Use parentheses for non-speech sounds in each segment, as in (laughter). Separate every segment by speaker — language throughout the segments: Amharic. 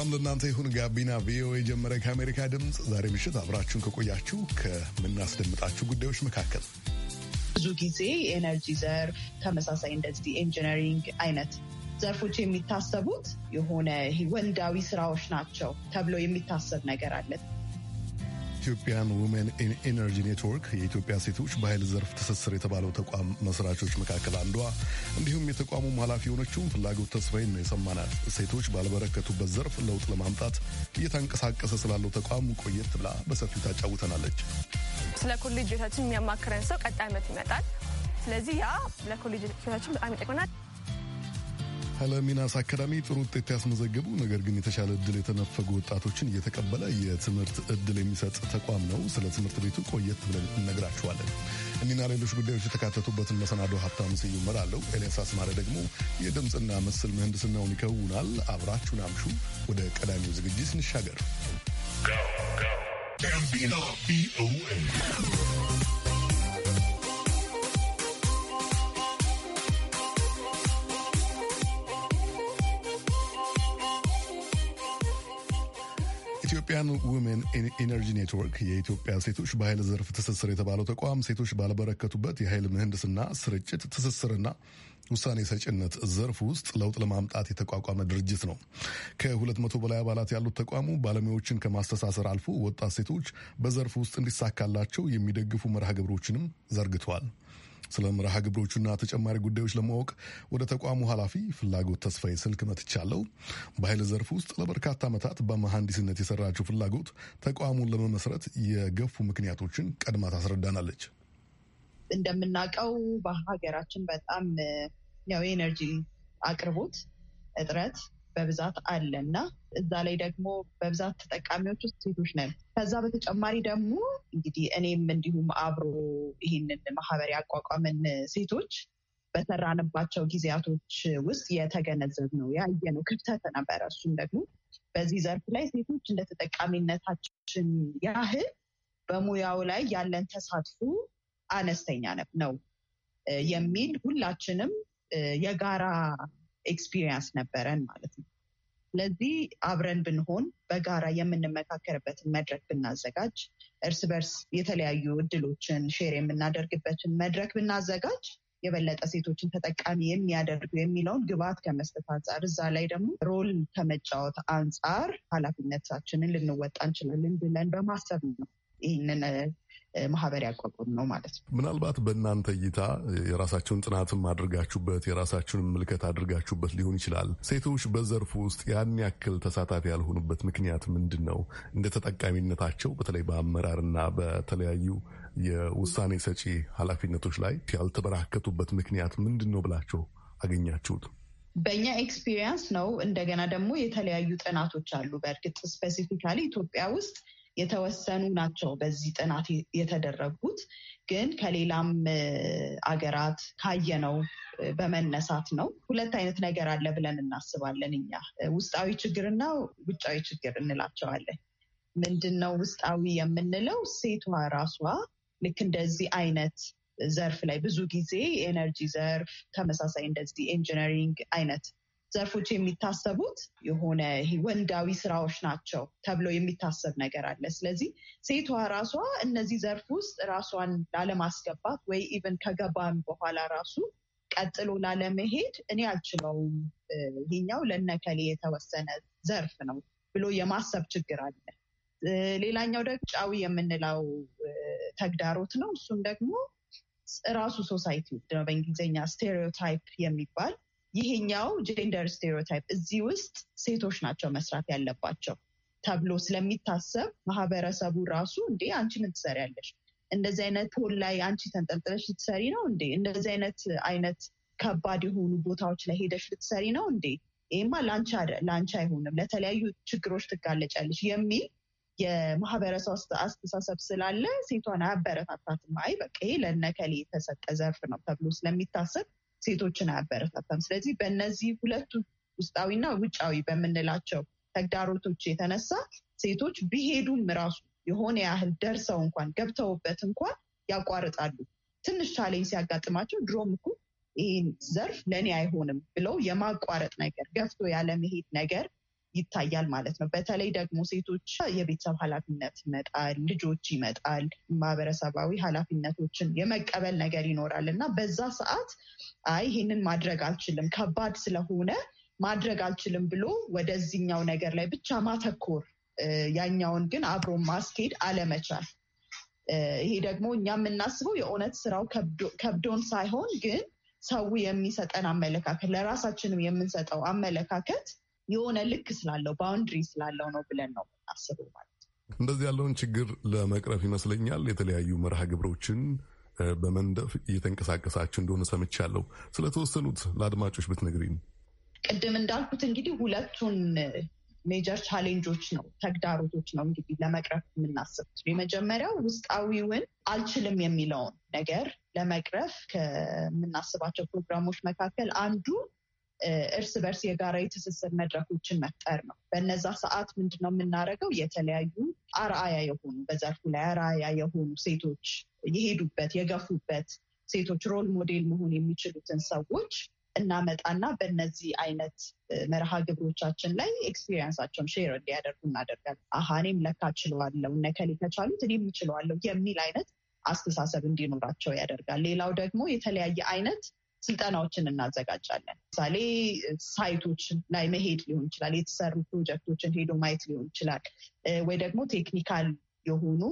Speaker 1: ሰላም ለእናንተ ይሁን። ጋቢና ቪኦኤ የጀመረ ከአሜሪካ ድምፅ ዛሬ ምሽት አብራችሁን ከቆያችሁ ከምናስደምጣችሁ ጉዳዮች መካከል
Speaker 2: ብዙ ጊዜ የኤነርጂ ዘርፍ ተመሳሳይ እንደዚህ ኢንጂነሪንግ አይነት ዘርፎች የሚታሰቡት የሆነ ወንዳዊ ስራዎች ናቸው ተብሎ የሚታሰብ ነገር አለ።
Speaker 1: ኢትዮጵያን ውሜን ኢን ኤነርጂ ኔትወርክ የኢትዮጵያ ሴቶች በኃይል ዘርፍ ትስስር የተባለው ተቋም መስራቾች መካከል አንዷ እንዲሁም የተቋሙ ኃላፊ የሆነችውን ፍላጎት ተስፋዬን ነው የሰማናት። ሴቶች ባልበረከቱበት ዘርፍ ለውጥ ለማምጣት እየተንቀሳቀሰ ስላለው ተቋም ቆየት ብላ በሰፊው ታጫውተናለች።
Speaker 3: ስለ ኮሌጅ ቤታችን የሚያማክረን ሰው ቀጣይ ዓመት ይመጣል። ስለዚህ ያ ለኮሌጅ ቤታችን በጣም ይጠቅመናል።
Speaker 1: ሚናስ አካዳሚ ጥሩ ውጤት ያስመዘገቡ ነገር ግን የተሻለ እድል የተነፈጉ ወጣቶችን እየተቀበለ የትምህርት እድል የሚሰጥ ተቋም ነው። ስለ ትምህርት ቤቱ ቆየት ብለን እነግራችኋለን። እኒና ሌሎች ጉዳዮች የተካተቱበትን መሰናዶ ሀብታም ስዩም እመራለሁ። ኤልያስ አስማረ ደግሞ የድምፅና ምስል ምህንድስናውን ይከውናል። አብራችሁን አምሹ። ወደ ቀዳሚው ዝግጅት እንሻገር። ኢትዮጵያን ውሜን ኢነርጂ ኔትወርክ የኢትዮጵያ ሴቶች በኃይል ዘርፍ ትስስር የተባለው ተቋም ሴቶች ባልበረከቱበት የኃይል ምህንድስና ስርጭት፣ ትስስርና ውሳኔ ሰጭነት ዘርፍ ውስጥ ለውጥ ለማምጣት የተቋቋመ ድርጅት ነው። ከ200 በላይ አባላት ያሉት ተቋሙ ባለሙያዎችን ከማስተሳሰር አልፎ ወጣት ሴቶች በዘርፍ ውስጥ እንዲሳካላቸው የሚደግፉ መርሃ ግብሮችንም ዘርግተዋል። ስለ መርሃ ግብሮቹና ተጨማሪ ጉዳዮች ለማወቅ ወደ ተቋሙ ኃላፊ ፍላጎት ተስፋዬ ስልክ መጥቻለሁ። በኃይል ዘርፍ ውስጥ ለበርካታ ዓመታት በመሐንዲስነት የሰራችው ፍላጎት ተቋሙን ለመመስረት የገፉ ምክንያቶችን ቀድማ ታስረዳናለች።
Speaker 2: እንደምናውቀው በሀገራችን በጣም ያው የኤነርጂ አቅርቦት እጥረት በብዛት አለ እና እዛ ላይ ደግሞ በብዛት ተጠቃሚዎች ውስጥ ሴቶች ነን። ከዛ በተጨማሪ ደግሞ እንግዲህ እኔም እንዲሁም አብሮ ይህንን ማህበር ያቋቋመን ሴቶች በሰራንባቸው ጊዜያቶች ውስጥ የተገነዘብ ነው ያየ ነው ክፍተት ነበረ። እሱም ደግሞ በዚህ ዘርፍ ላይ ሴቶች እንደ ተጠቃሚነታችን ያህል በሙያው ላይ ያለን ተሳትፎ አነስተኛ ነው የሚል ሁላችንም የጋራ ኤክስፒሪየንስ ነበረን ማለት ነው። ስለዚህ አብረን ብንሆን በጋራ የምንመካከርበትን መድረክ ብናዘጋጅ፣ እርስ በርስ የተለያዩ እድሎችን ሼር የምናደርግበትን መድረክ ብናዘጋጅ የበለጠ ሴቶችን ተጠቃሚ የሚያደርጉ የሚለውን ግብዓት ከመስጠት አንጻር እዛ ላይ ደግሞ ሮል ከመጫወት አንጻር ኃላፊነታችንን ልንወጣ እንችላለን ብለን በማሰብ ነው ይህንን ማህበር ያቋቋም ነው ማለት ነው።
Speaker 1: ምናልባት በእናንተ እይታ የራሳችሁን ጥናትም አድርጋችሁበት የራሳችሁን ምልከት አድርጋችሁበት ሊሆን ይችላል። ሴቶች በዘርፉ ውስጥ ያን ያክል ተሳታፊ ያልሆኑበት ምክንያት ምንድን ነው? እንደ ተጠቃሚነታቸው በተለይ በአመራርና በተለያዩ የውሳኔ ሰጪ ኃላፊነቶች ላይ ያልተበራከቱበት ምክንያት ምንድን ነው ብላችሁ አገኛችሁት?
Speaker 2: በእኛ ኤክስፒሪየንስ ነው። እንደገና ደግሞ የተለያዩ ጥናቶች አሉ። በእርግጥ ስፔሲፊካሊ ኢትዮጵያ ውስጥ የተወሰኑ ናቸው በዚህ ጥናት የተደረጉት። ግን ከሌላም አገራት ካየነው በመነሳት ነው። ሁለት አይነት ነገር አለ ብለን እናስባለን እኛ ውስጣዊ ችግርና ውጫዊ ችግር እንላቸዋለን። ምንድን ነው ውስጣዊ የምንለው? ሴቷ ራሷ ልክ እንደዚህ አይነት ዘርፍ ላይ ብዙ ጊዜ ኤነርጂ ዘርፍ ተመሳሳይ እንደዚህ ኢንጂነሪንግ አይነት ዘርፎች የሚታሰቡት የሆነ ወንዳዊ ስራዎች ናቸው ተብሎ የሚታሰብ ነገር አለ። ስለዚህ ሴቷ ራሷ እነዚህ ዘርፍ ውስጥ ራሷን ላለማስገባት ወይ ኢቨን ከገባን በኋላ ራሱ ቀጥሎ ላለመሄድ እኔ አልችለውም፣ ይሄኛው ለነከሌ የተወሰነ ዘርፍ ነው ብሎ የማሰብ ችግር አለ። ሌላኛው ደግሞ ጫዊ የምንለው ተግዳሮት ነው። እሱም ደግሞ ራሱ ሶሳይቲ ነው። በእንግሊዝኛ ስቴሪዮታይፕ የሚባል ይሄኛው ጄንደር ስቴሪዮታይፕ እዚህ ውስጥ ሴቶች ናቸው መስራት ያለባቸው ተብሎ ስለሚታሰብ ማህበረሰቡ ራሱ እንዴ አንቺ ምን ትሰሪያለሽ? እንደዚህ አይነት ፖል ላይ አንቺ ተንጠልጥለሽ ልትሰሪ ነው እንዴ? እንደዚህ አይነት አይነት ከባድ የሆኑ ቦታዎች ላይ ሄደሽ ልትሰሪ ነው እንዴ? ይህማ ለአንቺ አይሆንም፣ ለተለያዩ ችግሮች ትጋለጫለች የሚል የማህበረሰብ አስተሳሰብ ስላለ ሴቷን አያበረታታትም። አይ በቃ ይሄ ለነከሌ የተሰጠ ዘርፍ ነው ተብሎ ስለሚታሰብ ሴቶችን አያበረታታም። ስለዚህ በእነዚህ ሁለቱ ውስጣዊና ውጫዊ በምንላቸው ተግዳሮቶች የተነሳ ሴቶች ቢሄዱም ራሱ የሆነ ያህል ደርሰው እንኳን ገብተውበት እንኳን ያቋርጣሉ። ትንሽ ቻሌንጅ ሲያጋጥማቸው ድሮም እኮ ይህን ዘርፍ ለእኔ አይሆንም ብለው የማቋረጥ ነገር ገፍቶ ያለመሄድ ነገር ይታያል ማለት ነው። በተለይ ደግሞ ሴቶች የቤተሰብ ኃላፊነት ይመጣል፣ ልጆች ይመጣል፣ ማህበረሰባዊ ኃላፊነቶችን የመቀበል ነገር ይኖራል እና በዛ ሰዓት አይ ይህንን ማድረግ አልችልም ከባድ ስለሆነ ማድረግ አልችልም ብሎ ወደዚህኛው ነገር ላይ ብቻ ማተኮር፣ ያኛውን ግን አብሮ ማስኬድ አለመቻል። ይሄ ደግሞ እኛ የምናስበው የእውነት ስራው ከብዶን ሳይሆን ግን ሰው የሚሰጠን አመለካከት ለራሳችንም የምንሰጠው አመለካከት የሆነ ልክ ስላለው ባውንድሪ ስላለው ነው ብለን ነው አስበው ማለት
Speaker 1: እንደዚህ ያለውን ችግር ለመቅረፍ ይመስለኛል የተለያዩ መርሃ ግብሮችን በመንደፍ እየተንቀሳቀሳችሁ እንደሆነ ሰምቻለሁ። ስለተወሰኑት ለአድማጮች ብትነግሪኝ።
Speaker 2: ቅድም እንዳልኩት እንግዲህ ሁለቱን ሜጀር ቻሌንጆች ነው ተግዳሮቶች ነው እንግዲህ ለመቅረፍ የምናስብ የመጀመሪያው ውስጣዊውን አልችልም የሚለውን ነገር ለመቅረፍ ከምናስባቸው ፕሮግራሞች መካከል አንዱ እርስ በርስ የጋራ የትስስር መድረኮችን መፍጠር ነው። በነዛ ሰዓት ምንድን ነው የምናደርገው? የተለያዩ አርአያ የሆኑ በዘርፉ ላይ አርአያ የሆኑ ሴቶች የሄዱበት የገፉበት ሴቶች ሮል ሞዴል መሆን የሚችሉትን ሰዎች እናመጣና በነዚህ አይነት መርሃ ግብሮቻችን ላይ ኤክስፒሪየንሳቸውን ሼር እንዲያደርጉ እናደርጋል። አሀ እኔም ለካ ችለዋለው እነ ከቻሉት እኔም እችለዋለሁ የሚል አይነት አስተሳሰብ እንዲኖራቸው ያደርጋል። ሌላው ደግሞ የተለያየ አይነት ስልጠናዎችን እናዘጋጃለን። ምሳሌ ሳይቶች ላይ መሄድ ሊሆን ይችላል፣ የተሰሩ ፕሮጀክቶችን ሄዶ ማየት ሊሆን ይችላል፣ ወይ ደግሞ ቴክኒካል የሆኑ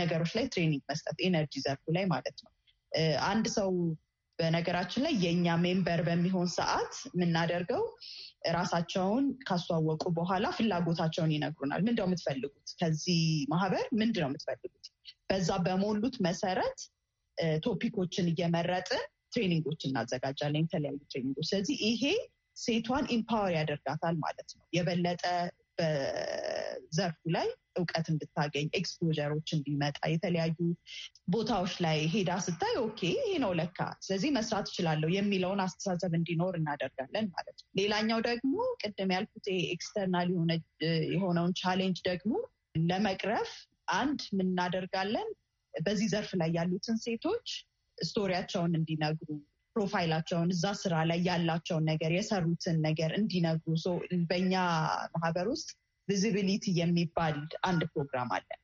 Speaker 2: ነገሮች ላይ ትሬኒንግ መስጠት ኤነርጂ ዘርፉ ላይ ማለት ነው። አንድ ሰው በነገራችን ላይ የእኛ ሜምበር በሚሆን ሰዓት የምናደርገው ራሳቸውን ካስተዋወቁ በኋላ ፍላጎታቸውን ይነግሩናል። ምንድነው የምትፈልጉት? ከዚህ ማህበር ምንድነው የምትፈልጉት? በዛ በሞሉት መሰረት ቶፒኮችን እየመረጥን ትሬኒንጎች እናዘጋጃለን፣ የተለያዩ ትሬኒንጎች። ስለዚህ ይሄ ሴቷን ኢምፓወር ያደርጋታል ማለት ነው። የበለጠ በዘርፉ ላይ እውቀት እንድታገኝ ኤክስፖጀሮች እንዲመጣ የተለያዩ ቦታዎች ላይ ሄዳ ስታይ ኦኬ ይሄ ነው ለካ፣ ስለዚህ መስራት እችላለሁ የሚለውን አስተሳሰብ እንዲኖር እናደርጋለን ማለት ነው። ሌላኛው ደግሞ ቅድም ያልኩት ኤክስተርናል የሆነውን ቻሌንጅ ደግሞ ለመቅረፍ አንድ ምን እናደርጋለን በዚህ ዘርፍ ላይ ያሉትን ሴቶች ስቶሪያቸውን እንዲነግሩ ፕሮፋይላቸውን እዛ ስራ ላይ ያላቸውን ነገር የሰሩትን ነገር እንዲነግሩ በእኛ ማህበር ውስጥ ቪዚቢሊቲ የሚባል አንድ ፕሮግራም አለን።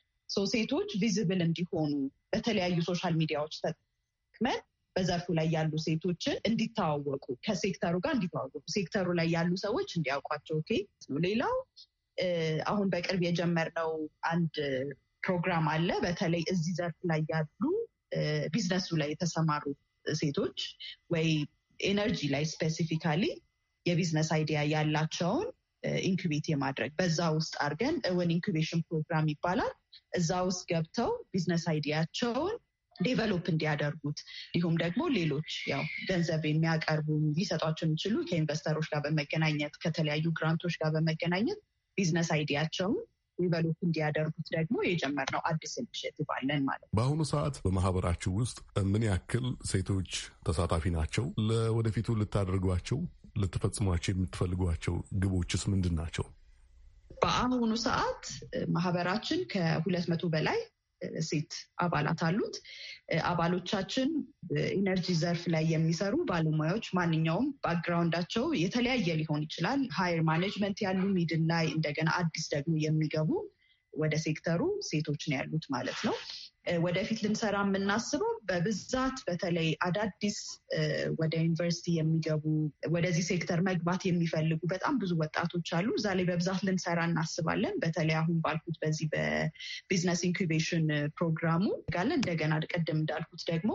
Speaker 2: ሴቶች ቪዚብል እንዲሆኑ በተለያዩ ሶሻል ሚዲያዎች ተጠቅመን በዘርፉ ላይ ያሉ ሴቶችን እንዲተዋወቁ ከሴክተሩ ጋር እንዲተዋወቁ ሴክተሩ ላይ ያሉ ሰዎች እንዲያውቋቸው። ኦኬ ሌላው አሁን በቅርብ የጀመርነው አንድ ፕሮግራም አለ። በተለይ እዚህ ዘርፍ ላይ ያሉ ቢዝነሱ ላይ የተሰማሩ ሴቶች ወይ ኤነርጂ ላይ ስፔሲፊካሊ የቢዝነስ አይዲያ ያላቸውን ኢንኩቤት የማድረግ በዛ ውስጥ አድርገን እውን ኢንኩቤሽን ፕሮግራም ይባላል። እዛ ውስጥ ገብተው ቢዝነስ አይዲያቸውን ዴቨሎፕ እንዲያደርጉት እንዲሁም ደግሞ ሌሎች ያው ገንዘብ የሚያቀርቡ ሊሰጧቸው የሚችሉ ከኢንቨስተሮች ጋር በመገናኘት ከተለያዩ ግራንቶች ጋር በመገናኘት ቢዝነስ አይዲያቸውን የሚበሉት እንዲያደርጉት ደግሞ የጀመርነው አዲስ ኢኒሽቲቭ አለን ማለት
Speaker 1: ነው። በአሁኑ ሰዓት በማህበራችሁ ውስጥ ምን ያክል ሴቶች ተሳታፊ ናቸው? ለወደፊቱ ልታደርጓቸው ልትፈጽሟቸው የምትፈልጓቸው ግቦችስ ምንድን ናቸው?
Speaker 2: በአሁኑ ሰዓት ማህበራችን ከሁለት መቶ በላይ ሴት አባላት አሉት። አባሎቻችን በኢነርጂ ዘርፍ ላይ የሚሰሩ ባለሙያዎች ማንኛውም ባክግራውንዳቸው የተለያየ ሊሆን ይችላል። ሀየር ማኔጅመንት ያሉ ሚድን ላይ እንደገና አዲስ ደግሞ የሚገቡ ወደ ሴክተሩ ሴቶች ነው ያሉት ማለት ነው። ወደፊት ልንሰራ የምናስበው በብዛት በተለይ አዳዲስ ወደ ዩኒቨርሲቲ የሚገቡ ወደዚህ ሴክተር መግባት የሚፈልጉ በጣም ብዙ ወጣቶች አሉ። እዛ ላይ በብዛት ልንሰራ እናስባለን። በተለይ አሁን ባልኩት በዚህ በቢዝነስ ኢንኩቤሽን ፕሮግራሙ ጋለ እንደገና ቀደም እንዳልኩት ደግሞ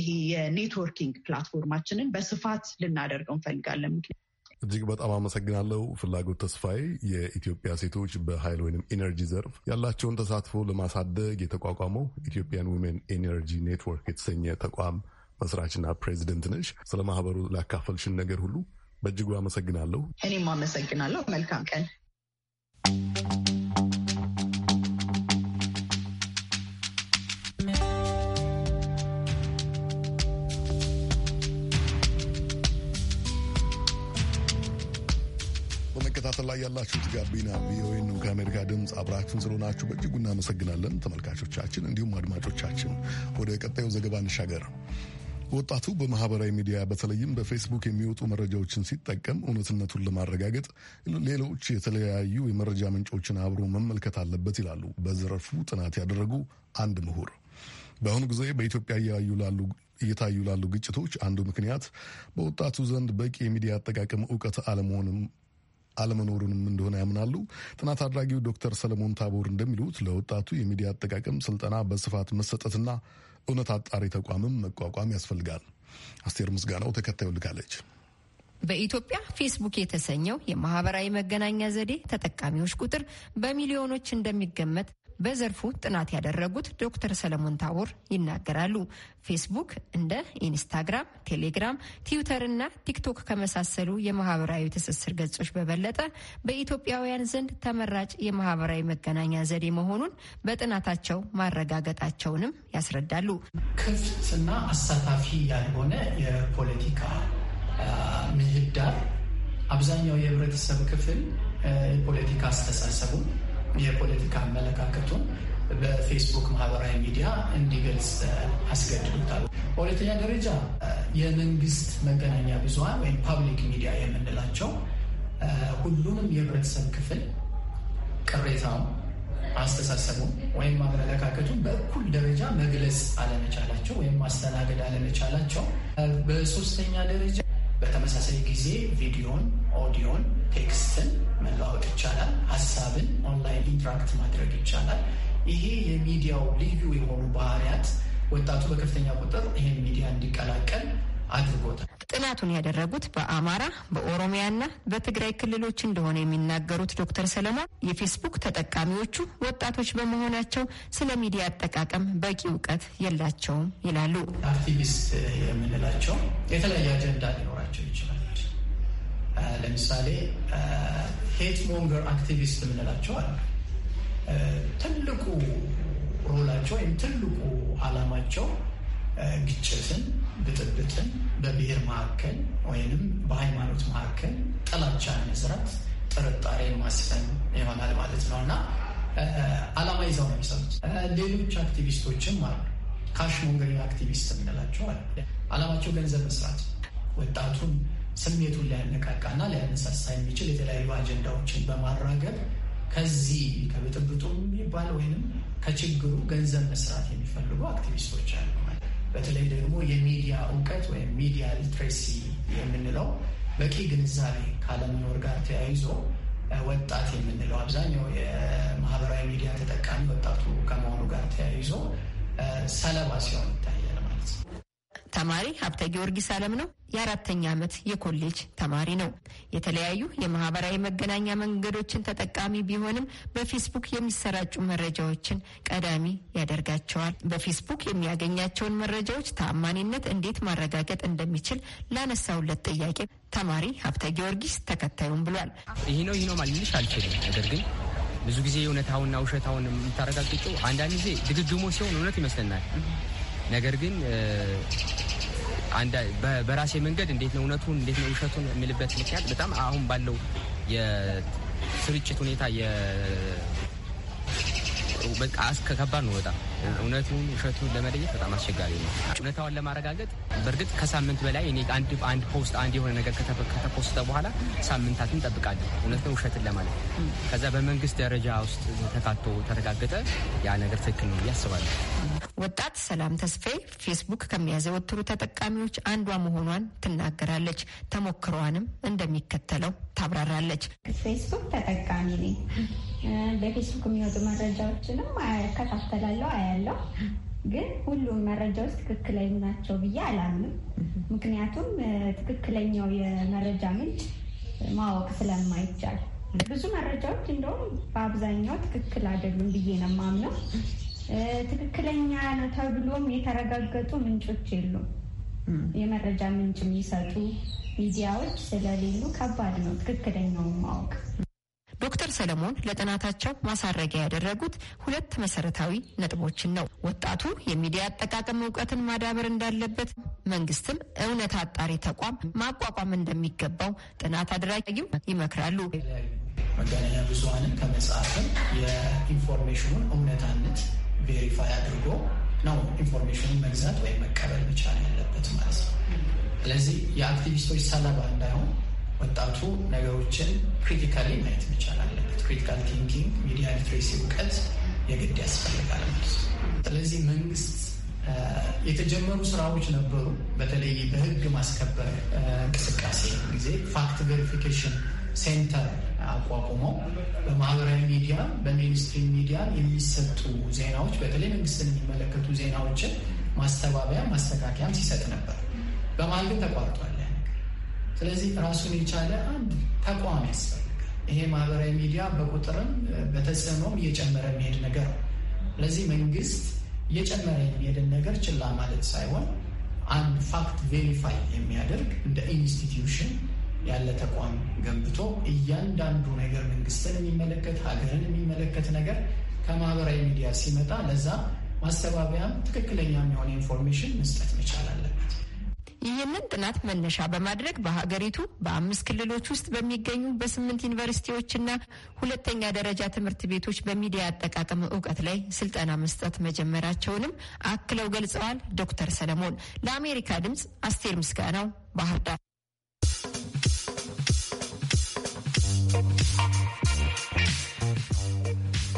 Speaker 2: ይሄ የኔትወርኪንግ ፕላትፎርማችንን በስፋት ልናደርገው እንፈልጋለን። ምክንያት
Speaker 1: እጅግ በጣም አመሰግናለሁ። ፍላጎት ተስፋዬ የኢትዮጵያ ሴቶች በኃይል ወይም ኢነርጂ ዘርፍ ያላቸውን ተሳትፎ ለማሳደግ የተቋቋመው ኢትዮጵያን ዊሜን ኢነርጂ ኔትወርክ የተሰኘ ተቋም መስራችና ፕሬዚደንት ነሽ። ስለ ማህበሩ ላካፈልሽን ነገር ሁሉ በእጅጉ አመሰግናለሁ።
Speaker 2: እኔም አመሰግናለሁ። መልካም ቀን።
Speaker 1: በመከታተል ላይ ያላችሁት ጋቢና ቪኦኤ ነው። ከአሜሪካ ድምፅ አብራችሁን ስለሆናችሁ በእጅጉ እናመሰግናለን ተመልካቾቻችን፣ እንዲሁም አድማጮቻችን። ወደ ቀጣዩ ዘገባ እንሻገር። ወጣቱ በማህበራዊ ሚዲያ በተለይም በፌስቡክ የሚወጡ መረጃዎችን ሲጠቀም እውነትነቱን ለማረጋገጥ ሌሎች የተለያዩ የመረጃ ምንጮችን አብሮ መመልከት አለበት ይላሉ በዘርፉ ጥናት ያደረጉ አንድ ምሁር። በአሁኑ ጊዜ በኢትዮጵያ እየታዩ ላሉ ግጭቶች አንዱ ምክንያት በወጣቱ ዘንድ በቂ የሚዲያ አጠቃቀም እውቀት አለመሆንም አለመኖሩንም እንደሆነ ያምናሉ። ጥናት አድራጊው ዶክተር ሰለሞን ታቦር እንደሚሉት ለወጣቱ የሚዲያ አጠቃቀም ስልጠና በስፋት መሰጠትና እውነት አጣሪ ተቋምም መቋቋም ያስፈልጋል። አስቴር ምስጋናው ተከታዩ ልካለች።
Speaker 4: በኢትዮጵያ ፌስቡክ የተሰኘው የማህበራዊ መገናኛ ዘዴ ተጠቃሚዎች ቁጥር በሚሊዮኖች እንደሚገመት በዘርፉ ጥናት ያደረጉት ዶክተር ሰለሞን ታቦር ይናገራሉ። ፌስቡክ እንደ ኢንስታግራም፣ ቴሌግራም፣ ትዊተር እና ቲክቶክ ከመሳሰሉ የማህበራዊ ትስስር ገጾች በበለጠ በኢትዮጵያውያን ዘንድ ተመራጭ የማህበራዊ መገናኛ ዘዴ መሆኑን በጥናታቸው ማረጋገጣቸውንም ያስረዳሉ።
Speaker 5: ክፍትና አሳታፊ ያልሆነ የፖለቲካ ምህዳር አብዛኛው የህብረተሰብ ክፍል የፖለቲካ አስተሳሰቡን የፖለቲካ አመለካከቱን በፌስቡክ ማህበራዊ ሚዲያ እንዲገልጽ አስገድዱታል። በሁለተኛ ደረጃ የመንግስት መገናኛ ብዙኃን ወይም ፓብሊክ ሚዲያ የምንላቸው ሁሉንም የህብረተሰብ ክፍል ቅሬታው አስተሳሰቡ ወይም አመለካከቱን በእኩል ደረጃ መግለጽ አለመቻላቸው ወይም ማስተናገድ አለመቻላቸው በሶስተኛ ደረጃ በተመሳሳይ ጊዜ ቪዲዮን፣ ኦዲዮን፣ ቴክስትን መለዋወጥ ይቻላል። ሀሳብን ኦንላይን ኢንትራክት ማድረግ ይቻላል። ይሄ የሚዲያው ልዩ የሆኑ ባህሪያት ወጣቱ በከፍተኛ ቁጥር ይህን ሚዲያ እንዲቀላቀል አድርጎታል።
Speaker 4: ጥናቱን ያደረጉት በአማራ በኦሮሚያና በትግራይ ክልሎች እንደሆነ የሚናገሩት ዶክተር ሰለሞን የፌስቡክ ተጠቃሚዎቹ ወጣቶች በመሆናቸው ስለ ሚዲያ አጠቃቀም በቂ እውቀት የላቸውም ይላሉ።
Speaker 5: አክቲቪስት የምንላቸው የተለያየ አጀንዳ ሊኖራቸው ይችላል። ለምሳሌ ሄት ሞንገር አክቲቪስት የምንላቸው አለ። ትልቁ ሮላቸው ወይም ትልቁ አላማቸው ግጭትን፣ ብጥብጥን በብሔር መካከል ወይንም በሃይማኖት መካከል ጥላቻን መስራት፣ ጥርጣሬ ማስፈን ይሆናል ማለት ነው እና አላማ ይዘው ነው የሚሰሩት። ሌሎች አክቲቪስቶችም አሉ። ካሽ ሞንገሪንግ አክቲቪስት የምንላቸው አሉ። አላማቸው ገንዘብ መስራት፣ ወጣቱን ስሜቱን ሊያነቃቃና ሊያነሳሳ የሚችል የተለያዩ አጀንዳዎችን በማራገብ ከዚህ ከብጥብጡ የሚባል ወይንም ከችግሩ ገንዘብ መስራት የሚፈልጉ አክቲቪስቶች አሉ። በተለይ ደግሞ የሚዲያ እውቀት ወይም ሚዲያ ሊትሬሲ የምንለው በቂ ግንዛቤ ካለመኖር ጋር ተያይዞ ወጣት የምንለው አብዛኛው የማህበራዊ ሚዲያ ተጠቃሚ ወጣቱ ከመሆኑ ጋር ተያይዞ ሰለባ ሲሆን ይታያል።
Speaker 4: ተማሪ ሀብተ ጊዮርጊስ አለም ነው የአራተኛ ዓመት የኮሌጅ ተማሪ ነው። የተለያዩ የማህበራዊ መገናኛ መንገዶችን ተጠቃሚ ቢሆንም በፌስቡክ የሚሰራጩ መረጃዎችን ቀዳሚ ያደርጋቸዋል። በፌስቡክ የሚያገኛቸውን መረጃዎች ተአማኒነት እንዴት ማረጋገጥ እንደሚችል ላነሳውለት ጥያቄ ተማሪ ሀብተ ጊዮርጊስ ተከታዩም ብሏል።
Speaker 6: ይህ ነው ይህ ነው ማልልሽ አልችልም። ነገር ግን ብዙ ጊዜ እውነታውንና ውሸታውን የምታረጋግጠው አንዳንድ ጊዜ ድግግሞ ሲሆን እውነት ይመስለናል ነገር ግን በራሴ መንገድ እንዴት ነው እውነቱን እንዴት ነው ውሸቱን የሚልበት ምክንያት በጣም አሁን ባለው የስርጭት ሁኔታ ከባድ ነው። በጣም እውነቱን ውሸቱን ለመለየት በጣም አስቸጋሪ ነው። እውነታውን ለማረጋገጥ በእርግጥ ከሳምንት በላይ እኔ አንድ አንድ ፖስት አንድ የሆነ ነገር ከተፖስተ በኋላ ሳምንታትን እንጠብቃለን እውነትን ውሸትን ለማለት ከዛ በመንግስት ደረጃ ውስጥ ተካቶ ተረጋገጠ ያ ነገር ትክክል ነው ብዬ አስባለሁ።
Speaker 4: ወጣት ሰላም ተስፋዬ ፌስቡክ ከሚያዘወትሩ ተጠቃሚዎች አንዷ መሆኗን ትናገራለች። ተሞክሯንም እንደሚከተለው ታብራራለች። ፌስቡክ ተጠቃሚ ነኝ በፌስቡክ የሚወጡ መረጃዎችንም እከታተላለሁ፣ አያለሁ። ግን ሁሉም መረጃዎች ትክክለኝ ናቸው ብዬ አላምንም። ምክንያቱም ትክክለኛው የመረጃ ምንጭ ማወቅ ስለማይቻል ብዙ መረጃዎች እንደውም በአብዛኛው ትክክል አይደሉም ብዬ ነው የማምነው። ትክክለኛ ነው ተብሎም የተረጋገጡ ምንጮች የሉም። የመረጃ ምንጭ የሚሰጡ
Speaker 7: ሚዲያዎች ስለሌሉ ከባድ ነው ትክክለኛውን ማወቅ።
Speaker 4: ዶክተር ሰለሞን ለጥናታቸው ማሳረጊያ ያደረጉት ሁለት መሰረታዊ ነጥቦችን ነው። ወጣቱ የሚዲያ አጠቃቀም እውቀትን ማዳበር እንዳለበት፣ መንግስትም እውነት አጣሪ ተቋም ማቋቋም እንደሚገባው ጥናት አድራጊው ይመክራሉ።
Speaker 5: መገናኛ ብዙሀንን ከመጽሐፍም የኢንፎርሜሽኑን እውነታነት ቬሪፋይ አድርጎ ነው ኢንፎርሜሽኑን መግዛት ወይም መቀበል መቻል ያለበት ማለት ነው። ስለዚህ የአክቲቪስቶች ሰለባ እንዳይሆን ወጣቱ ነገሮችን ክሪቲካሊ ማየት መቻል አለበት። ክሪቲካል ቲንኪንግ፣ ሚዲያ ሊትሬሲ እውቀት የግድ ያስፈልጋል ስለዚህ መንግስት የተጀመሩ ስራዎች ነበሩ። በተለይ በህግ ማስከበር እንቅስቃሴ ጊዜ ፋክት ቬሪፊኬሽን ሴንተር አቋቁመው በማህበራዊ ሚዲያ በሜንስትሪም ሚዲያ የሚሰጡ ዜናዎች በተለይ መንግስትን የሚመለከቱ ዜናዎችን ማስተባበያ ማስተካከያም ሲሰጥ ነበር። በመሀል ግን ተቋርጧል። ስለዚህ ራሱን የቻለ አንድ ተቋም ያስፈልጋል። ይሄ ማህበራዊ ሚዲያ በቁጥርም በተጽዕኖም እየጨመረ የሚሄድ ነገር ነው። ስለዚህ መንግስት እየጨመረ የሚሄድን ነገር ችላ ማለት ሳይሆን አንድ ፋክት ቬሪፋይ የሚያደርግ እንደ ኢንስቲትዩሽን ያለ ተቋም ገንብቶ እያንዳንዱ ነገር መንግስትን የሚመለከት ሀገርን የሚመለከት ነገር ከማህበራዊ ሚዲያ ሲመጣ ለዛ ማስተባበያም ትክክለኛ የሚሆን ኢንፎርሜሽን መስጠት መቻል አለ።
Speaker 4: ይህንን ጥናት መነሻ በማድረግ በሀገሪቱ በአምስት ክልሎች ውስጥ በሚገኙ በስምንት ዩኒቨርሲቲዎችና ሁለተኛ ደረጃ ትምህርት ቤቶች በሚዲያ አጠቃቀም እውቀት ላይ ስልጠና መስጠት መጀመራቸውንም አክለው ገልጸዋል። ዶክተር ሰለሞን ለአሜሪካ ድምፅ አስቴር ምስጋናው ባህር ዳር።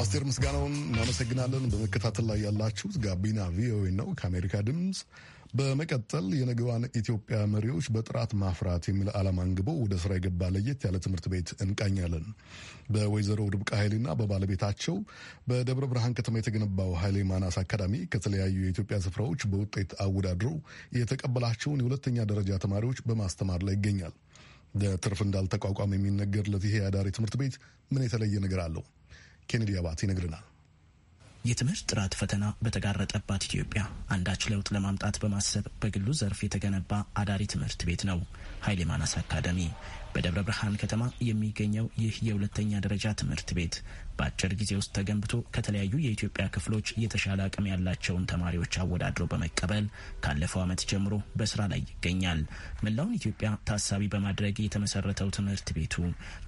Speaker 1: አስቴር ምስጋናውን እናመሰግናለን። በመከታተል ላይ ያላችሁት ጋቢና ቪኦኤ ነው ከአሜሪካ ድምፅ በመቀጠል የነገዋን ኢትዮጵያ መሪዎች በጥራት ማፍራት የሚል ዓላማ አንግቦ ወደ ስራ የገባ ለየት ያለ ትምህርት ቤት እንቃኛለን። በወይዘሮ ርብቃ ኃይሌና በባለቤታቸው በደብረ ብርሃን ከተማ የተገነባው ኃይሌ ማናስ አካዳሚ ከተለያዩ የኢትዮጵያ ስፍራዎች በውጤት አወዳድሮ የተቀበላቸውን የሁለተኛ ደረጃ ተማሪዎች በማስተማር ላይ ይገኛል። ለትርፍ እንዳልተቋቋም የሚነገርለት ለዚህ የአዳሪ ትምህርት ቤት ምን የተለየ ነገር አለው? ኬኔዲ አባት ይነግረናል። የትምህርት ጥራት ፈተና በተጋረጠባት ኢትዮጵያ
Speaker 8: አንዳች ለውጥ ለማምጣት በማሰብ በግሉ ዘርፍ የተገነባ አዳሪ ትምህርት ቤት ነው ኃይሌ ማናስ አካደሚ። በደብረ ብርሃን ከተማ የሚገኘው ይህ የሁለተኛ ደረጃ ትምህርት ቤት በአጭር ጊዜ ውስጥ ተገንብቶ ከተለያዩ የኢትዮጵያ ክፍሎች የተሻለ አቅም ያላቸውን ተማሪዎች አወዳድሮ በመቀበል ካለፈው ዓመት ጀምሮ በስራ ላይ ይገኛል። መላውን ኢትዮጵያ ታሳቢ በማድረግ የተመሰረተው ትምህርት ቤቱ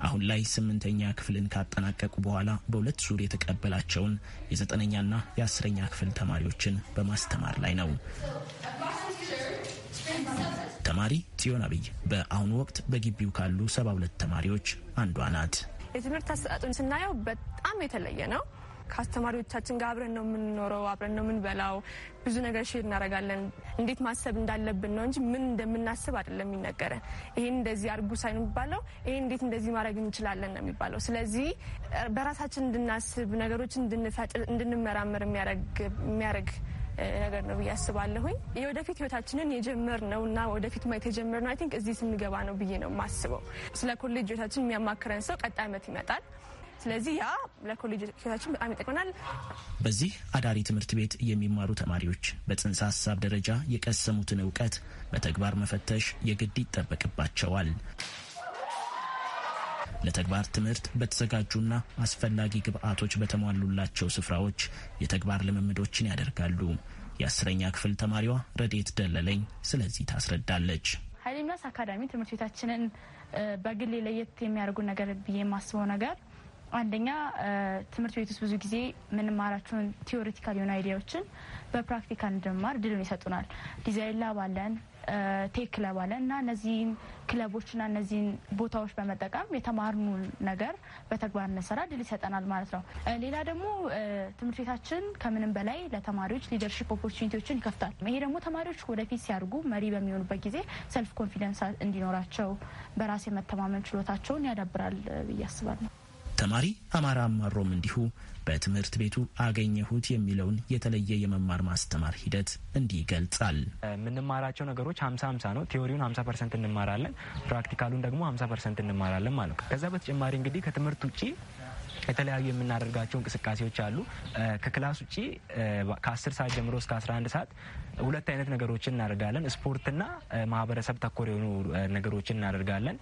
Speaker 8: አሁን ላይ ስምንተኛ ክፍልን ካጠናቀቁ በኋላ በሁለት ዙር የተቀበላቸውን የዘጠነኛና የአስረኛ ክፍል ተማሪዎችን በማስተማር ላይ ነው። ተማሪ ጽዮን አብይ በአሁኑ ወቅት በግቢው ካሉ ሰባ ሁለት ተማሪዎች አንዷ ናት።
Speaker 3: የትምህርት አሰጣጡን ስናየው በጣም የተለየ ነው። ከአስተማሪዎቻችን ጋር አብረን ነው የምንኖረው፣ አብረን ነው የምንበላው፣ ብዙ ነገር ሼር እናደርጋለን። እንዴት ማሰብ እንዳለብን ነው እንጂ ምን እንደምናስብ አይደለም የሚነገረን። ይህን እንደዚህ አርጉ ነው የሚባለው ይህን እንዴት እንደዚህ ማድረግ እንችላለን ነው የሚባለው። ስለዚህ በራሳችን እንድናስብ ነገሮችን እንድንፈጥር፣ እንድንመራመር የሚያደርግ ነገር ነው ብዬ አስባለሁኝ። የወደፊት ህይወታችንን ነው እና ወደፊት ማየት የጀመርነው አይ ቲንክ እዚህ ስንገባ ነው ብዬ ነው የማስበው። ስለ ኮሌጅ ህይወታችን የሚያማክረን ሰው ቀጣይ ዓመት ይመጣል። ስለዚህ ያ ለኮሌጅ ህይወታችን በጣም ይጠቅመናል።
Speaker 8: በዚህ አዳሪ ትምህርት ቤት የሚማሩ ተማሪዎች በጽንሰ ሀሳብ ደረጃ የቀሰሙትን እውቀት በተግባር መፈተሽ የግድ ይጠበቅባቸዋል። ለተግባር ትምህርት በተዘጋጁና አስፈላጊ ግብዓቶች በተሟሉላቸው ስፍራዎች የተግባር ልምምዶችን ያደርጋሉ። የአስረኛ ክፍል ተማሪዋ ረዴት ደለለኝ ስለዚህ ታስረዳለች።
Speaker 7: ኃይሌ ሚላስ አካዳሚ ትምህርት ቤታችንን በግሌ ለየት የሚያደርጉ ነገር ብዬ የማስበው ነገር አንደኛ ትምህርት ቤት ውስጥ ብዙ ጊዜ የምንማራቸውን ቲዎሪቲካል የሆኑ አይዲያዎችን በፕራክቲካል እንድንማር ድሉን ይሰጡናል። ዲዛይን ላብ አለን፣ ቴክ ክለብ አለ እና እነዚህን ክለቦችና እነዚህን ቦታዎች በመጠቀም የተማርኑን ነገር በተግባር እንሰራ ድል ይሰጠናል ማለት ነው። ሌላ ደግሞ ትምህርት ቤታችን ከምንም በላይ ለተማሪዎች ሊደርሽፕ ኦፖርቹኒቲዎችን ይከፍታል። ይሄ ደግሞ ተማሪዎች ወደፊት ሲያድጉ መሪ በሚሆኑበት ጊዜ ሰልፍ ኮንፊደንስ እንዲኖራቸው በራስ የመተማመን ችሎታቸውን ያዳብራል ብዬ አስባለሁ።
Speaker 8: ተማሪ አማራ አማሮም እንዲሁ በትምህርት ቤቱ አገኘሁት የሚለውን የተለየ የመማር ማስተማር ሂደት እንዲህ ይገልጻል። የምንማራቸው ነገሮች ሀምሳ ሀምሳ ነው። ቴዎሪውን ሀምሳ ፐርሰንት እንማራለን፣ ፕራክቲካሉን ደግሞ ሀምሳ ፐርሰንት እንማራለን ማለት ነው። ከዛ በተጨማሪ እንግዲህ ከትምህርት ውጭ የተለያዩ የምናደርጋቸው እንቅስቃሴዎች አሉ። ከክላስ ውጭ ከአስር ሰዓት ጀምሮ እስከ አንድ ሰዓት ሁለት አይነት ነገሮችን እናደርጋለን። ስፖርትና ማህበረሰብ ተኮር የሆኑ ነገሮችን እናደርጋለን።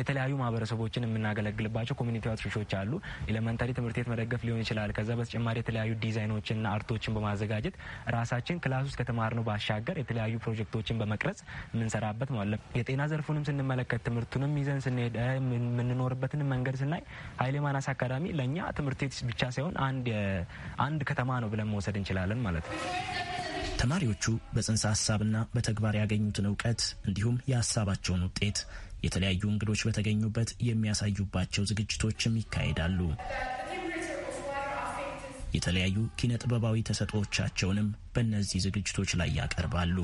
Speaker 8: የተለያዩ ማህበረሰቦችን የምናገለግልባቸው ኮሚኒቲ አውትሪቾች አሉ። ኤሌመንታሪ ትምህርት ቤት መደገፍ ሊሆን ይችላል። ከዛ በተጨማሪ የተለያዩ ዲዛይኖችንና አርቶችን በማዘጋጀት ራሳችን ክላስ ውስጥ ከተማርነው ባሻገር የተለያዩ ፕሮጀክቶችን በመቅረጽ የምንሰራበት ማለት የጤና ዘርፉንም ስንመለከት ትምህርቱንም ይዘን ስንሄድ የምንኖርበትን መንገድ ስናይ ሀይሌ ማናስ አካዳሚ ለእኛ ትምህርት ቤት ብቻ ሳይሆን አንድ ከተማ ነው ብለን መውሰድ እንችላለን ማለት ነው። ተማሪዎቹ በጽንሰ ሀሳብና በተግባር ያገኙትን እውቀት እንዲሁም የሀሳባቸውን ውጤት የተለያዩ እንግዶች በተገኙበት የሚያሳዩባቸው ዝግጅቶችም ይካሄዳሉ። የተለያዩ ኪነ ጥበባዊ ተሰጥኦቻቸውንም በእነዚህ ዝግጅቶች ላይ ያቀርባሉ።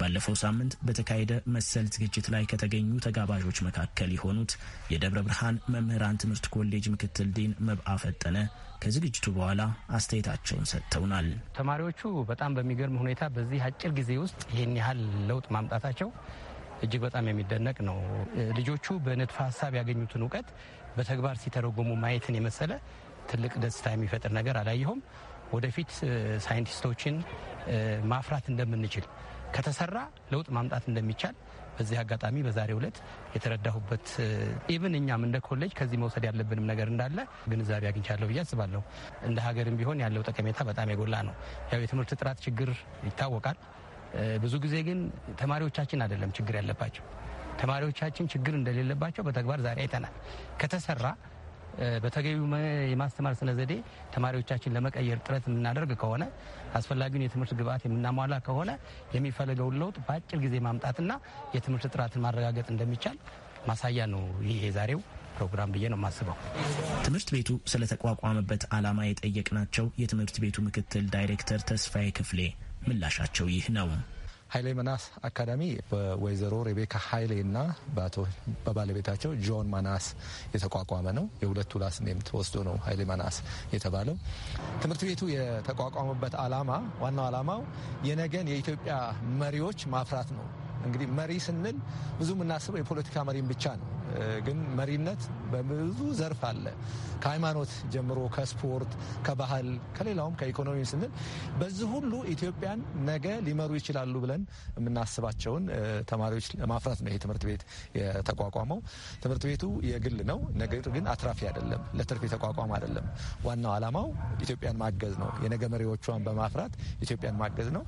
Speaker 8: ባለፈው ሳምንት በተካሄደ መሰል ዝግጅት ላይ ከተገኙ ተጋባዦች መካከል የሆኑት የደብረ ብርሃን መምህራን ትምህርት ኮሌጅ ምክትል ዲን መብአ ፈጠነ ከዝግጅቱ በኋላ አስተያየታቸውን ሰጥተውናል።
Speaker 6: ተማሪዎቹ በጣም በሚገርም ሁኔታ በዚህ አጭር ጊዜ ውስጥ ይህን ያህል ለውጥ ማምጣታቸው እጅግ በጣም የሚደነቅ ነው። ልጆቹ በንድፈ ሀሳብ ያገኙትን እውቀት በተግባር ሲተረጎሙ ማየትን የመሰለ ትልቅ ደስታ የሚፈጥር ነገር አላየሁም። ወደፊት ሳይንቲስቶችን ማፍራት እንደምንችል ከተሰራ ለውጥ ማምጣት እንደሚቻል በዚህ አጋጣሚ በዛሬው ዕለት የተረዳሁበት ኢቭን እኛም እንደ ኮሌጅ ከዚህ መውሰድ ያለብንም ነገር እንዳለ ግንዛቤ አግኝቻለሁ ብዬ አስባለሁ። እንደ ሀገርም ቢሆን ያለው ጠቀሜታ በጣም የጎላ ነው። ያው የትምህርት ጥራት ችግር ይታወቃል። ብዙ ጊዜ ግን ተማሪዎቻችን አይደለም ችግር ያለባቸው ተማሪዎቻችን ችግር እንደሌለባቸው በተግባር ዛሬ አይተናል። ከተሰራ በተገቢው የማስተማር ስነ ዘዴ ተማሪዎቻችን ለመቀየር ጥረት የምናደርግ ከሆነ አስፈላጊውን የትምህርት ግብዓት የምናሟላ ከሆነ የሚፈልገውን ለውጥ በአጭር ጊዜ ማምጣትና የትምህርት ጥራትን ማረጋገጥ እንደሚቻል ማሳያ ነው ይሄ የዛሬው ፕሮግራም ብዬ ነው የማስበው።
Speaker 8: ትምህርት ቤቱ ስለተቋቋመበት ዓላማ የጠየቅናቸው የትምህርት ቤቱ ምክትል
Speaker 6: ዳይሬክተር ተስፋዬ ክፍሌ ምላሻቸው ይህ ነው። ኃይሌ መናስ አካዳሚ በወይዘሮ ሬቤካ ሀይሌ እና በአቶ በባለቤታቸው ጆን ማናስ የተቋቋመ ነው። የሁለቱ ላስ ኔም ተወስዶ ነው ሀይሌ መናስ የተባለው። ትምህርት ቤቱ የተቋቋመበት አላማ ዋናው አላማው የነገን የኢትዮጵያ መሪዎች ማፍራት ነው። እንግዲህ መሪ ስንል ብዙ የምናስበው የፖለቲካ መሪን ብቻ ነው። ግን መሪነት በብዙ ዘርፍ አለ። ከሃይማኖት ጀምሮ፣ ከስፖርት፣ ከባህል፣ ከሌላውም ከኢኮኖሚ ስንል በዚህ ሁሉ ኢትዮጵያን ነገ ሊመሩ ይችላሉ ብለን የምናስባቸውን ተማሪዎች ለማፍራት ነው ይሄ ትምህርት ቤት የተቋቋመው። ትምህርት ቤቱ የግል ነው፣ ነገር ግን አትራፊ አይደለም፣ ለትርፍ የተቋቋመ አይደለም። ዋናው ዓላማው ኢትዮጵያን ማገዝ ነው። የነገ መሪዎቿን በማፍራት ኢትዮጵያን ማገዝ ነው።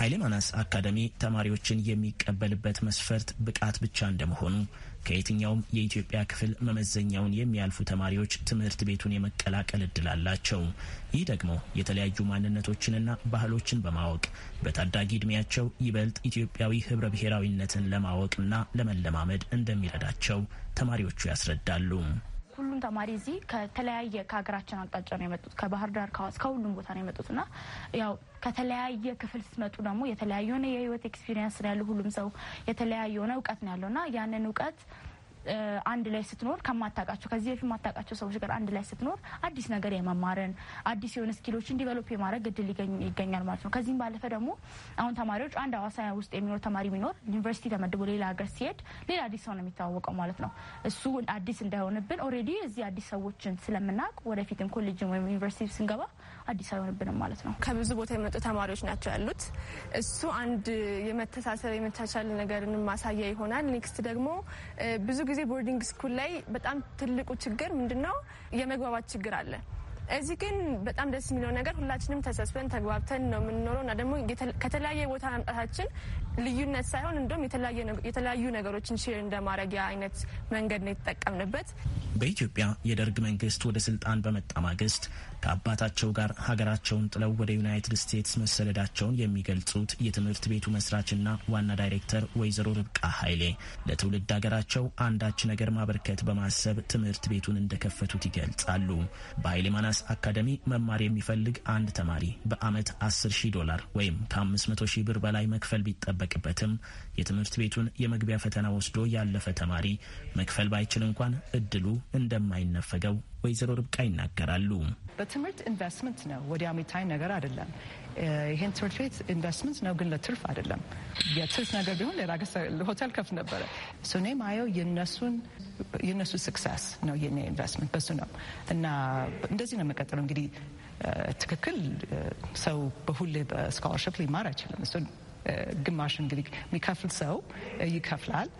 Speaker 8: ኃይሌ ማናስ አካደሚ ተማሪዎችን የሚቀበልበት መስፈርት ብቃት ብቻ እንደመሆኑ ከየትኛውም የኢትዮጵያ ክፍል መመዘኛውን የሚያልፉ ተማሪዎች ትምህርት ቤቱን የመቀላቀል እድል አላቸው። ይህ ደግሞ የተለያዩ ማንነቶችንና ባህሎችን በማወቅ በታዳጊ ዕድሜያቸው ይበልጥ ኢትዮጵያዊ ህብረ ብሔራዊነትን ለማወቅና ለመለማመድ እንደሚረዳቸው ተማሪዎቹ ያስረዳሉ።
Speaker 4: ሁሉም
Speaker 7: ተማሪ እዚህ ከተለያየ ከሀገራችን አቅጣጫ ነው የመጡት። ከባህር ዳር፣ ከሁሉም ቦታ ነው የመጡት እና ያው ከተለያየ ክፍል ስትመጡ ደግሞ የተለያየ የሆነ የህይወት ኤክስፒሪየንስ ነው ያለው። ሁሉም ሰው የተለያየ የሆነ እውቀት ነው ያለው እና ያንን እውቀት አንድ ላይ ስትኖር ከማታውቃቸው ከዚህ በፊት የማታውቃቸው ሰዎች ጋር አንድ ላይ ስትኖር አዲስ ነገር የመማርን አዲስ የሆነ ስኪሎችን ዲቨሎፕ የማድረግ እድል ይገኛል ማለት ነው። ከዚህም ባለፈ ደግሞ አሁን ተማሪዎች አንድ ሀዋሳ ውስጥ የሚኖር ተማሪ ቢኖር ዩኒቨርሲቲ ተመድቦ ሌላ ሀገር ሲሄድ ሌላ አዲስ ሰው ነው የሚተዋወቀው ማለት ነው። እሱ አዲስ እንዳይሆንብን ኦልሬዲ እዚህ አዲስ ሰዎችን ስለምናውቅ ወደፊትም ኮሌጅን ወይም ዩኒቨርሲቲ ስንገባ አዲስ አይሆንብንም ማለት ነው።
Speaker 3: ከብዙ ቦታ የመጡ ተማሪዎች ናቸው ያሉት። እሱ አንድ የመተሳሰብ የመቻቻል ነገርን ማሳያ ይሆናል። ኔክስት ደግሞ ብዙ ጊዜ ጊዜ ቦርዲንግ ስኩል ላይ በጣም ትልቁ ችግር ምንድነው? የመግባባት ችግር አለ። እዚህ ግን በጣም ደስ የሚለው ነገር ሁላችንም ተሰስበን ተግባብተን ነው የምንኖረው እና ደግሞ ከተለያየ ቦታ መምጣታችን ልዩነት ሳይሆን እንደም የተለያዩ ነገሮችን ሼር እንደማድረግ አይነት መንገድ ነው የተጠቀምንበት።
Speaker 8: በኢትዮጵያ የደርግ መንግስት ወደ ስልጣን በመጣ ማግስት ከአባታቸው ጋር ሀገራቸውን ጥለው ወደ ዩናይትድ ስቴትስ መሰደዳቸውን የሚገልጹት የትምህርት ቤቱ መስራችና ዋና ዳይሬክተር ወይዘሮ ርብቃ ኃይሌ ለትውልድ ሀገራቸው አንዳች ነገር ማበርከት በማሰብ ትምህርት ቤቱን እንደከፈቱት ይገልጻሉ። በኃይሌ ማናስ አካደሚ መማር የሚፈልግ አንድ ተማሪ በአመት 10 ሺህ ዶላር ወይም ከ500 ሺህ ብር በላይ መክፈል ቢጠበቅ ቢጠበቅበትም የትምህርት ቤቱን የመግቢያ ፈተና ወስዶ ያለፈ ተማሪ መክፈል ባይችል እንኳን እድሉ እንደማይነፈገው ወይዘሮ ርብቃ ይናገራሉ።
Speaker 9: በትምህርት ኢንቨስትመንት ነው፣ ወዲያ የሚታይ ነገር አይደለም። ይህን ትምህርት ቤት ኢንቨስትመንት ነው፣ ግን ለትርፍ አይደለም። የትርፍ ነገር ቢሆን ሌላ ሆቴል ከፍ ነበረ። እሱ እኔ ማየው የነሱን የእነሱ ስክሰስ ነው የኔ ኢንቨስትመንት በሱ ነው እና እንደዚህ ነው የምቀጥለው። እንግዲህ ትክክል ሰው በሁሌ በስኮላርሽፕ ሊማር አይችልም። ግማሽ እንግዲህ የሚከፍል ሰው ይከፍላል።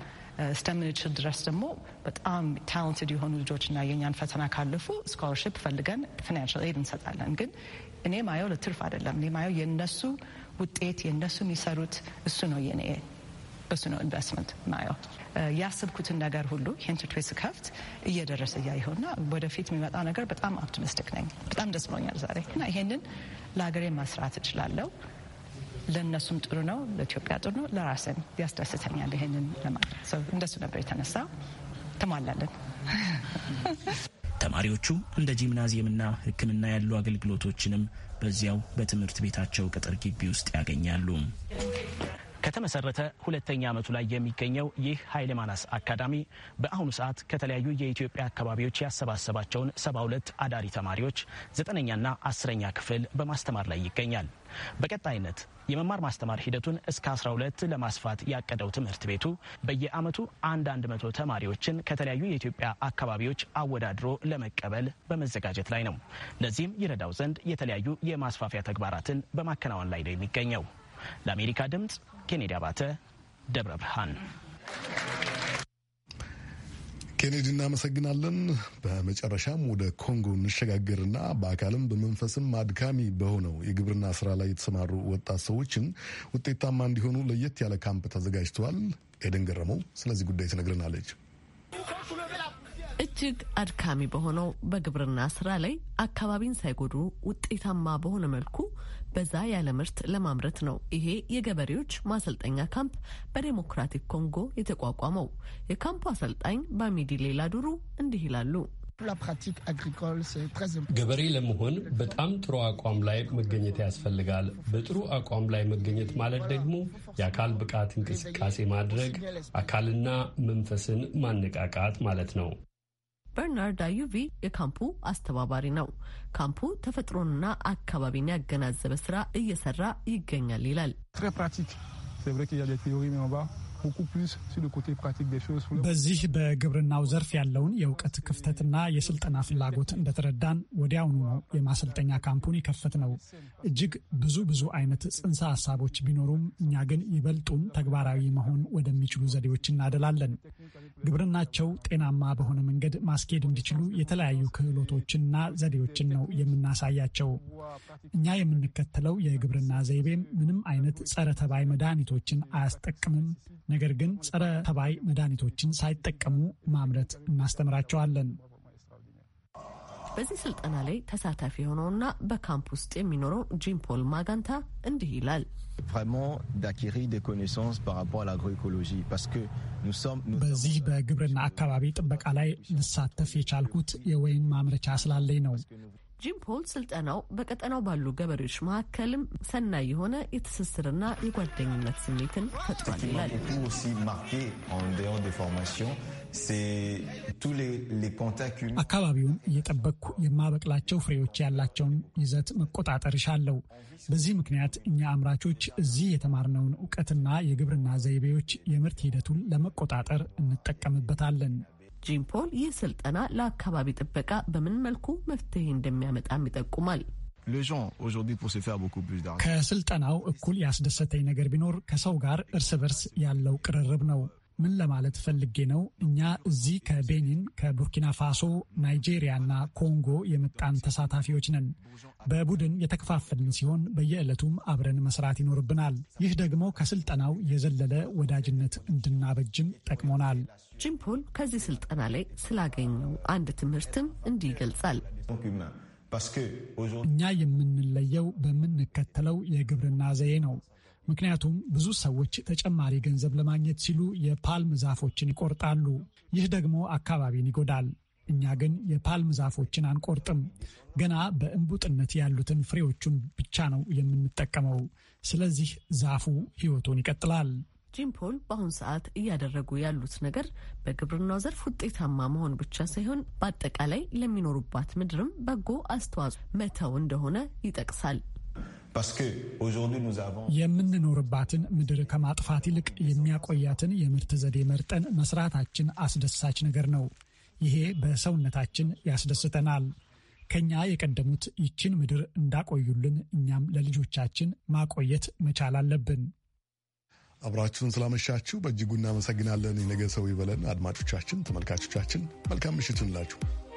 Speaker 9: እስከምንችል ድረስ ደግሞ በጣም ታለንትድ የሆኑ ልጆችና የእኛን ፈተና ካለፉ ስኮላርሽፕ ፈልገን ፋይናንሻል ኤድ እንሰጣለን። ግን እኔ ማየው ለትርፍ አይደለም። እኔ ማየው የእነሱ ውጤት የእነሱ የሚሰሩት እሱ ነው የኔ እሱ ነው ኢንቨስትመንት ማየው ያስብኩትን ነገር ሁሉ ይህን ስከፍት እየደረሰ እያየሁና ወደፊት የሚመጣ ነገር በጣም ኦፕቲሚስቲክ ነኝ። በጣም ደስ ብሎኛል ዛሬ እና ይሄንን ለሀገሬ መስራት እችላለሁ። ለእነሱም ጥሩ ነው፣ ለኢትዮጵያ ጥሩ ነው፣ ለራስን ያስደስተኛል። ይህንን ለማድረግ እንደሱ ነበር የተነሳ ተሟላለን። (laughs)
Speaker 8: ተማሪዎቹ እንደ ጂምናዚየምና ሕክምና ያሉ አገልግሎቶችንም በዚያው በትምህርት ቤታቸው ቅጥር ግቢ ውስጥ ያገኛሉ። ከተመሰረተ ሁለተኛ ዓመቱ ላይ የሚገኘው ይህ ኃይለ ማናስ አካዳሚ በአሁኑ ሰዓት ከተለያዩ የኢትዮጵያ አካባቢዎች ያሰባሰባቸውን ሰባ ሁለት አዳሪ ተማሪዎች ዘጠነኛና አስረኛ ክፍል በማስተማር ላይ ይገኛል። በቀጣይነት የመማር ማስተማር ሂደቱን እስከ 12 ለማስፋት ያቀደው ትምህርት ቤቱ በየአመቱ አንድ መቶ ተማሪዎችን ከተለያዩ የኢትዮጵያ አካባቢዎች አወዳድሮ ለመቀበል በመዘጋጀት ላይ ነው። ለዚህም ይረዳው ዘንድ የተለያዩ የማስፋፊያ ተግባራትን በማከናወን ላይ ነው የሚገኘው። ለአሜሪካ ድምፅ ኬኔዲ አባተ ደብረ ብርሃን
Speaker 1: ኬኔዲ እናመሰግናለን። በመጨረሻም ወደ ኮንጎ እንሸጋገርና በአካልም በመንፈስም አድካሚ በሆነው የግብርና ስራ ላይ የተሰማሩ ወጣት ሰዎችን ውጤታማ እንዲሆኑ ለየት ያለ ካምፕ ተዘጋጅተዋል። ኤደን ገረመው ስለዚህ ጉዳይ ትነግረናለች።
Speaker 3: እጅግ አድካሚ በሆነው በግብርና ስራ ላይ አካባቢን ሳይጎዱ ውጤታማ በሆነ መልኩ በዛ ያለ ምርት ለማምረት ነው። ይሄ የገበሬዎች ማሰልጠኛ ካምፕ በዴሞክራቲክ ኮንጎ የተቋቋመው የካምፑ አሰልጣኝ ባሚዲ ሌላ ዱሩ እንዲህ ይላሉ።
Speaker 8: ገበሬ
Speaker 6: ለመሆን በጣም ጥሩ አቋም ላይ መገኘት ያስፈልጋል። በጥሩ አቋም ላይ መገኘት ማለት ደግሞ የአካል ብቃት እንቅስቃሴ ማድረግ፣ አካልና መንፈስን ማነቃቃት ማለት ነው።
Speaker 3: በርናርድ አዩቪ የካምፑ አስተባባሪ ነው። ካምፑ ተፈጥሮንና አካባቢን ያገናዘበ ስራ እየሰራ ይገኛል ይላል።
Speaker 1: በዚህ
Speaker 10: በግብርናው ዘርፍ ያለውን የእውቀት ክፍተትና የስልጠና ፍላጎት እንደተረዳን ወዲያውኑ ነው የማሰልጠኛ ካምፑን የከፈት ነው። እጅግ ብዙ ብዙ አይነት ጽንሰ ሀሳቦች ቢኖሩም እኛ ግን ይበልጡን ተግባራዊ መሆን ወደሚችሉ ዘዴዎች እናደላለን። ግብርናቸው ጤናማ በሆነ መንገድ ማስኬድ እንዲችሉ የተለያዩ ክህሎቶችንና ዘዴዎችን ነው የምናሳያቸው። እኛ የምንከተለው የግብርና ዘይቤም ምንም አይነት ጸረ ተባይ መድኃኒቶችን አያስጠቅምም ነገር ግን ጸረ ተባይ መድኃኒቶችን ሳይጠቀሙ ማምረት እናስተምራቸዋለን።
Speaker 3: በዚህ ስልጠና ላይ ተሳታፊ የሆነውና በካምፕ ውስጥ የሚኖረው ጂም ፖል
Speaker 10: ማጋንታ እንዲህ ይላል። በዚህ በግብርና አካባቢ ጥበቃ ላይ ልሳተፍ የቻልኩት የወይን ማምረቻ ስላለኝ ነው። ጂም ፖል ስልጠናው በቀጠናው ባሉ ገበሬዎች መካከልም
Speaker 3: ሰናይ የሆነ የትስስርና የጓደኝነት ስሜትን ፈጥሯል ይላል።
Speaker 10: አካባቢውን እየጠበቅኩ የማበቅላቸው ፍሬዎች ያላቸውን ይዘት መቆጣጠር እሻለሁ። በዚህ ምክንያት እኛ አምራቾች እዚህ የተማርነውን እውቀትና የግብርና ዘይቤዎች የምርት ሂደቱን ለመቆጣጠር እንጠቀምበታለን። ጂም ፖል ይህ ስልጠና ለአካባቢ
Speaker 3: ጥበቃ በምን መልኩ መፍትሄ እንደሚያመጣም ይጠቁማል።
Speaker 10: ከስልጠናው እኩል ያስደሰተኝ ነገር ቢኖር ከሰው ጋር እርስ በርስ ያለው ቅርርብ ነው። ምን ለማለት ፈልጌ ነው፣ እኛ እዚህ ከቤኒን ከቡርኪና ፋሶ፣ ናይጄሪያ እና ኮንጎ የመጣን ተሳታፊዎች ነን። በቡድን የተከፋፈልን ሲሆን በየዕለቱም አብረን መስራት ይኖርብናል። ይህ ደግሞ ከስልጠናው የዘለለ ወዳጅነት
Speaker 1: እንድናበጅም
Speaker 10: ጠቅሞናል። ጂም ከዚህ ስልጠና ላይ ስላገኘው አንድ ትምህርትም እንዲህ ይገልጻል። እኛ የምንለየው በምንከተለው የግብርና ዘዬ ነው። ምክንያቱም ብዙ ሰዎች ተጨማሪ ገንዘብ ለማግኘት ሲሉ የፓልም ዛፎችን ይቆርጣሉ። ይህ ደግሞ አካባቢን ይጎዳል። እኛ ግን የፓልም ዛፎችን አንቆርጥም። ገና በእንቡጥነት ያሉትን ፍሬዎቹን ብቻ ነው የምንጠቀመው። ስለዚህ ዛፉ ሕይወቱን ይቀጥላል። ጂም ፖል በአሁኑ ሰዓት
Speaker 3: እያደረጉ ያሉት ነገር በግብርናው ዘርፍ ውጤታማ መሆን ብቻ ሳይሆን በአጠቃላይ
Speaker 10: ለሚኖሩባት ምድርም በጎ አስተዋጽኦ መተው እንደሆነ ይጠቅሳል። የምንኖርባትን ምድር ከማጥፋት ይልቅ የሚያቆያትን የምርት ዘዴ መርጠን መስራታችን አስደሳች ነገር ነው። ይሄ በሰውነታችን ያስደስተናል። ከኛ የቀደሙት ይችን ምድር እንዳቆዩልን እኛም ለልጆቻችን ማቆየት መቻል አለብን።
Speaker 1: አብራችሁን ስላመሻችሁ በእጅጉ እናመሰግናለን። የነገ ሰው ይበለን። አድማጮቻችን፣ ተመልካቾቻችን መልካም ምሽት እንላችሁ።